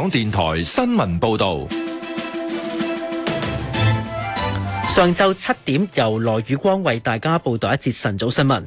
港電台新聞報道，上晝七點由羅宇光為大家報道一節晨早新聞。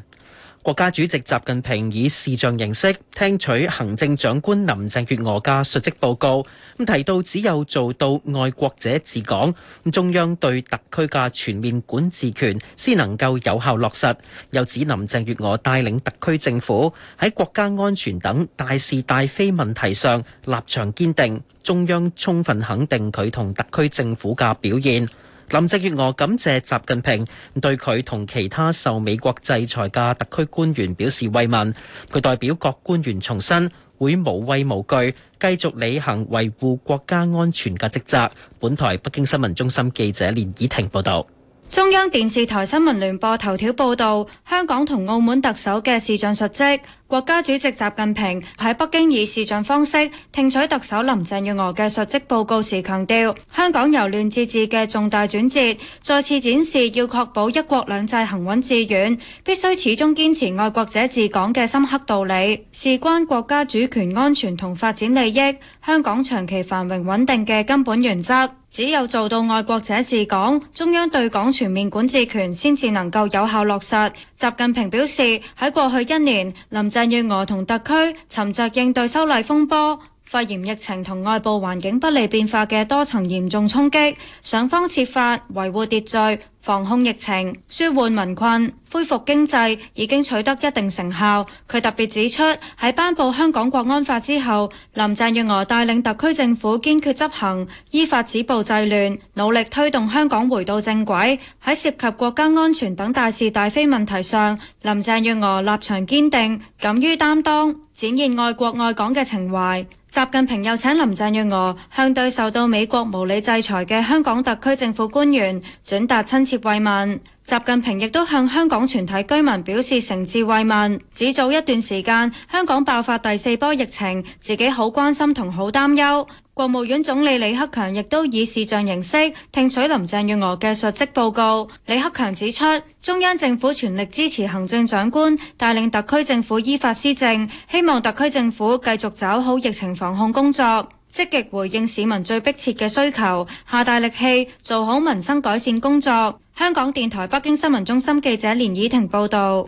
國家主席習近平以視像形式聽取行政長官林鄭月娥嘅述職報告，咁提到只有做到愛國者治港，中央對特區嘅全面管治權先能夠有效落實。又指林鄭月娥帶領特區政府喺國家安全等大是大非問題上立場堅定，中央充分肯定佢同特區政府嘅表現。林鄭月娥感謝習近平，對佢同其他受美國制裁嘅特區官員表示慰問。佢代表各官員重申，會無畏無懼，繼續履行維護國家安全嘅職責。本台北京新聞中心記者連以婷報道。中央電視台新聞聯播頭條報道，香港同澳門特首嘅視像述職，國家主席習近平喺北京以視像方式聽取特首林鄭月娥嘅述職報告時強調，香港由亂至治嘅重大轉折，再次展示要確保一國兩制行穩致遠，必須始終堅持愛國者治港嘅深刻道理，事關國家主權安全同發展利益，香港長期繁榮穩定嘅根本原則。只有做到愛國者治港，中央對港全面管治權先至能夠有效落實。習近平表示，喺過去一年，林鄭月娥同特區沉著應對修例風波，肺炎疫情同外部環境不利變化嘅多層嚴重衝擊，想方設法維護秩序、防控疫情、舒緩民困、恢復經濟，已經取得一定成效。佢特別指出，喺頒布香港國安法之後，林鄭月娥帶領特區政府堅決執行，依法止暴制亂，努力推動香港回到正軌。喺涉及國家安全等大是大非問題上，林鄭月娥立場堅定，敢於擔當，展現愛國愛港嘅情懷。習近平又請林鄭月娥向對受到美國無理制裁嘅香港特區政府官員轉達親切慰問。習近平亦都向香港全體居民表示誠摯慰問，指早一段時間，香港爆發第四波疫情，自己好關心同好擔憂。國務院總理李克強亦都以視像形式聽取林鄭月娥嘅述職報告。李克強指出，中央政府全力支持行政長官帶領特區政府依法施政，希望特區政府繼續抓好疫情防控工作，積極回應市民最迫切嘅需求，下大力氣做好民生改善工作。香港電台北京新聞中心記者連綺婷報道。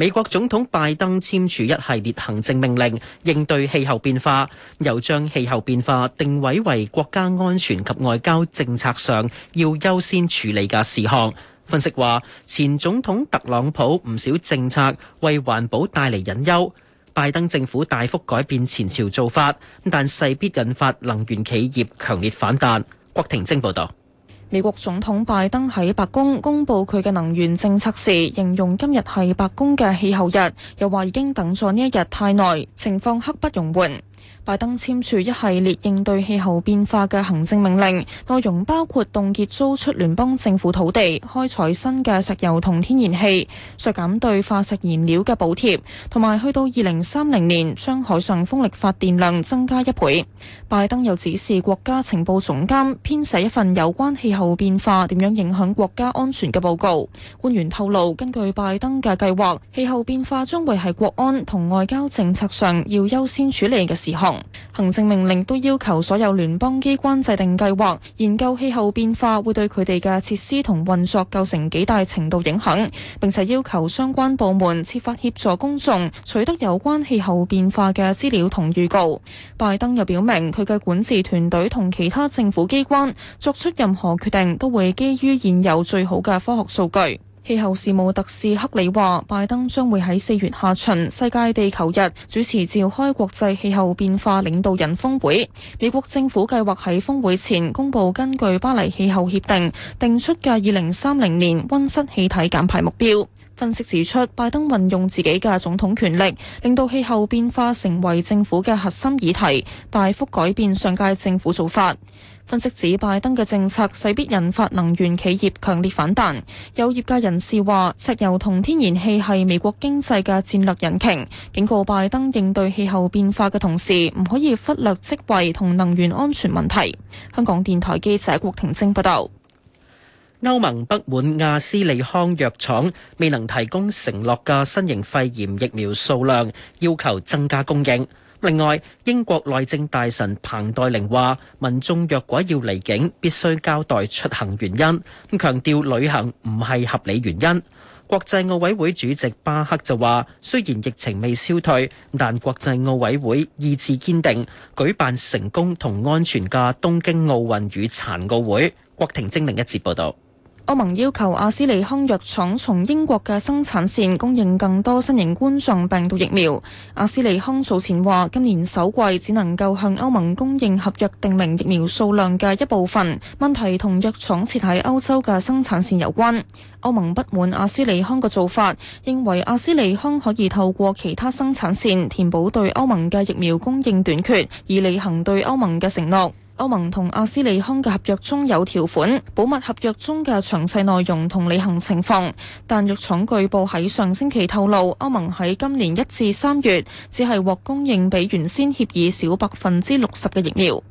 美國總統拜登簽署一系列行政命令，應對氣候變化，又將氣候變化定位為國家安全及外交政策上要優先處理嘅事項。分析話，前總統特朗普唔少政策為環保帶嚟隱憂，拜登政府大幅改變前朝做法，但勢必引發能源企業強烈反彈。郭婷晶報道。美國總統拜登喺白宮公佈佢嘅能源政策時，形容今日係白宮嘅氣候日，又話已經等咗呢一日太耐，情況刻不容緩。拜登簽署一系列應對氣候變化嘅行政命令，內容包括凍結租出聯邦政府土地、開採新嘅石油同天然氣、削減對化石燃料嘅補貼，同埋去到二零三零年將海上風力發電量增加一倍。拜登又指示國家情報總監編寫一份有關氣候變化點樣影響國家安全嘅報告。官員透露，根據拜登嘅計劃，氣候變化將會係國安同外交政策上要優先處理嘅事項。行政命令都要求所有聯邦機關制定計劃，研究氣候變化會對佢哋嘅設施同運作構成幾大程度影響，並且要求相關部門設法協助公眾取得有關氣候變化嘅資料同預告。拜登又表明，佢嘅管治團隊同其他政府機關作出任何決定，都會基於現有最好嘅科學數據。氣候事務特使克里話，拜登將會喺四月下旬世界地球日主持召開國際氣候變化領導人峰會。美國政府計劃喺峰會前公布根據巴黎氣候協定定出嘅二零三零年溫室氣體減排目標。分析指出，拜登運用自己嘅總統權力，令到氣候變化成為政府嘅核心議題，大幅改變上屆政府做法。分析指拜登嘅政策勢必引發能源企業強烈反彈，有業界人士話：石油同天然氣係美國經濟嘅戰略引擎，警告拜登應對氣候變化嘅同時，唔可以忽略職位同能源安全問題。香港電台記者郭婷晶報道：歐盟不滿亞斯利康藥廠未能提供承諾嘅新型肺炎疫苗數量，要求增加供應。另外，英國內政大臣彭黛玲話：民眾若果要離境，必須交代出行原因。咁強調旅行唔係合理原因。國際奧委會主席巴克就話：雖然疫情未消退，但國際奧委會意志堅定，舉辦成功同安全嘅東京奧運與殘奧會。郭婷晶另一節報道。歐盟要求阿斯利康藥廠從英國嘅生產線供應更多新型冠狀病毒疫苗。阿斯利康早前話，今年首季只能夠向歐盟供應合約訂明疫苗數量嘅一部分。問題同藥廠設喺歐洲嘅生產線有關。歐盟不滿阿斯利康嘅做法，認為阿斯利康可以透過其他生產線填補對歐盟嘅疫苗供應短缺，以履行對歐盟嘅承諾。歐盟同阿斯利康嘅合約中有條款保密，合約中嘅詳細內容同履行情況。但藥廠據報喺上星期透露，歐盟喺今年一至三月只係獲供應比原先協議少百分之六十嘅疫苗。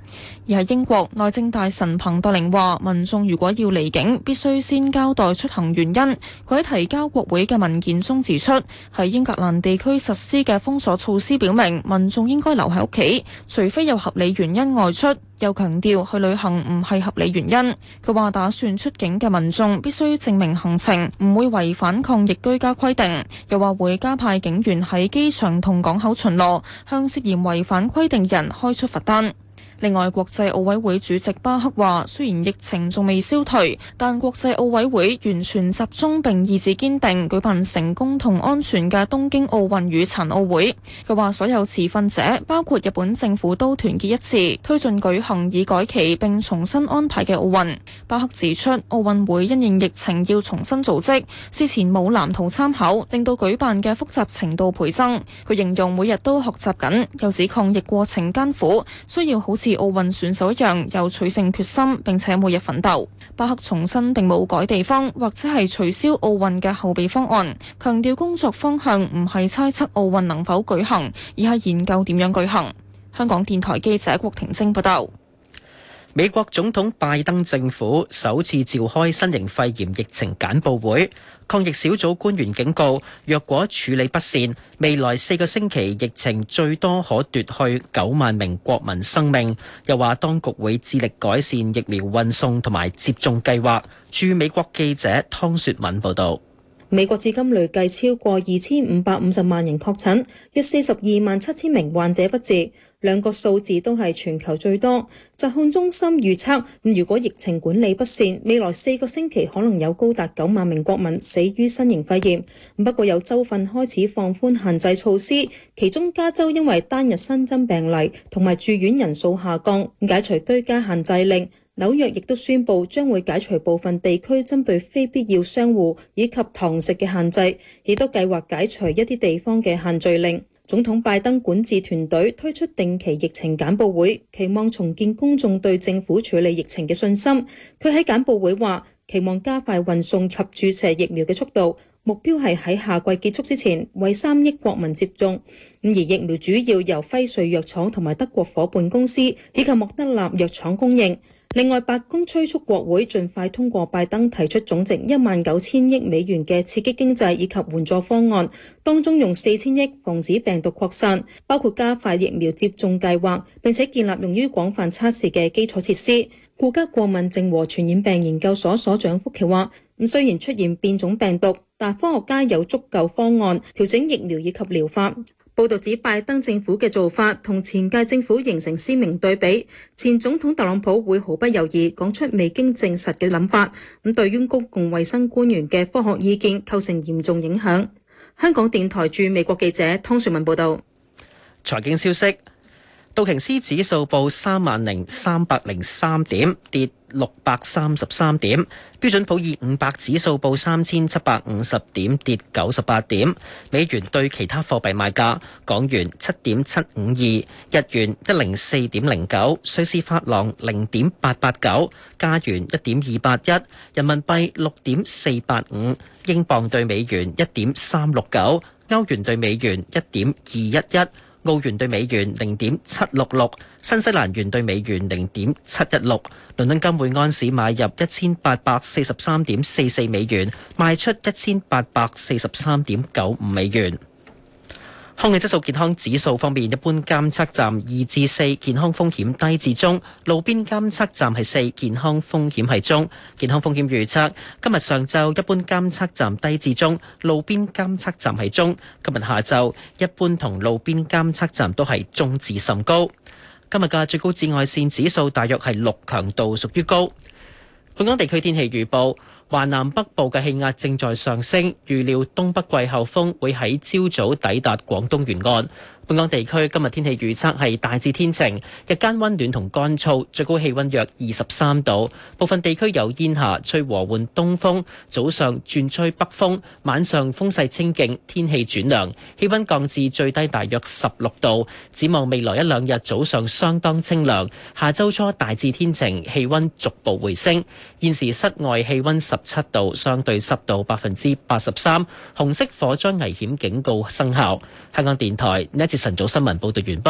而喺英國，內政大臣彭黛玲話，民眾如果要離境，必須先交代出行原因。佢喺提交國會嘅文件中指出，喺英格蘭地區實施嘅封鎖措施表明，民眾應該留喺屋企，除非有合理原因外出。又強調去旅行唔係合理原因。佢話打算出境嘅民眾必須證明行程，唔會違反抗疫居家規定。又話會加派警員喺機場同港口巡邏，向涉嫌違反規定人開出罰單。另外，國際奧委會主席巴克話：雖然疫情仲未消退，但國際奧委會完全集中並意志堅定舉辦成功同安全嘅東京奧運與殘奧會。佢話：所有持份者，包括日本政府，都團結一致，推進舉行已改期並重新安排嘅奧運。巴克指出，奧運會因應疫情要重新組織，事前冇藍圖參考，令到舉辦嘅複雜程度倍增。佢形容每日都學習緊，又指抗疫過程艱苦，需要好似……似奧運選手一樣有取勝決心，並且每日奮鬥。巴克重申並冇改地方，或者係取消奧運嘅後備方案，強調工作方向唔係猜測奧運能否舉行，而係研究點樣舉行。香港電台記者郭婷晶報道。美國總統拜登政府首次召開新型肺炎疫情簡報會，抗疫小組官員警告，若果處理不善，未來四個星期疫情最多可奪去九萬名國民生命。又話當局會致力改善疫苗運送同埋接種計劃。駐美國記者湯雪敏報道。美國至今累計超過二千五百五十萬人確診，約四十二萬七千名患者不治，兩個數字都係全球最多。疾控中心預測，如果疫情管理不善，未來四個星期可能有高達九萬名國民死於新型肺炎。不過有州份開始放寬限制措施，其中加州因為單日新增病例同埋住院人數下降，解除居家限制令。紐約亦都宣布將會解除部分地區針對非必要商戶以及堂食嘅限制，亦都計劃解除一啲地方嘅限聚令。總統拜登管治團隊推出定期疫情簡報會，期望重建公眾對政府處理疫情嘅信心。佢喺簡報會話期望加快運送及注射疫苗嘅速度，目標係喺夏季結束之前為三億國民接種。而疫苗主要由輝瑞藥廠同埋德國伙伴公司以及莫德納藥，藥廠供應。另外，白宮催促國會盡快通過拜登提出總值一萬九千億美元嘅刺激經濟以及援助方案，當中用四千億防止病毒擴散，包括加快疫苗接種計劃，並且建立用於廣泛測試嘅基礎設施。國家過敏症和傳染病研究所所長福奇話，咁雖然出現變種病毒，但科學家有足夠方案調整疫苗以及療法。報道指拜登政府嘅做法同前屆政府形成鮮明對比，前總統特朗普會毫不猶豫講出未經證實嘅諗法，咁對於公共衛生官員嘅科學意見構成嚴重影響。香港電台駐美國記者湯瑞文報導。財經消息。道瓊斯指數報三萬零三百零三點，跌六百三十三點。標準普爾五百指數報三千七百五十點，跌九十八點。美元對其他貨幣賣價：港元七點七五二，日元一零四點零九，瑞士法郎零點八八九，加元一點二八一，人民幣六點四八五，英鎊對美元一點三六九，歐元對美元一點二一一。澳元兌美元零點七六六，新西蘭元兌美元零點七一六，倫敦金會安士買入一千八百四十三點四四美元，賣出一千八百四十三點九五美元。空氣質素健康指數方面，一般監測站二至四，健康風險低至中；路邊監測站係四，健康風險係中。健康風險預測：今日上晝一般監測站低至中，路邊監測站係中；今日下晝一般同路邊監測站都係中至甚高。今日嘅最高紫外線指數大約係六，強度屬於高。本港地區天氣預報。華南北部嘅氣壓正在上升，預料東北季候風會喺朝早抵達廣東沿岸。本港地區今日天氣預測係大致天晴，日間溫暖同乾燥，最高氣溫約二十三度。部分地區有煙霞，吹和緩東風，早上轉吹北風，晚上風勢清勁，天氣轉涼，氣溫降至最低大約十六度。展望未來一兩日早上相當清涼，下週初大致天晴，氣溫逐步回升。現時室外氣溫十七度，相對濕度百分之八十三，紅色火災危險警告生效。香港電台呢一節晨早新聞報道完畢。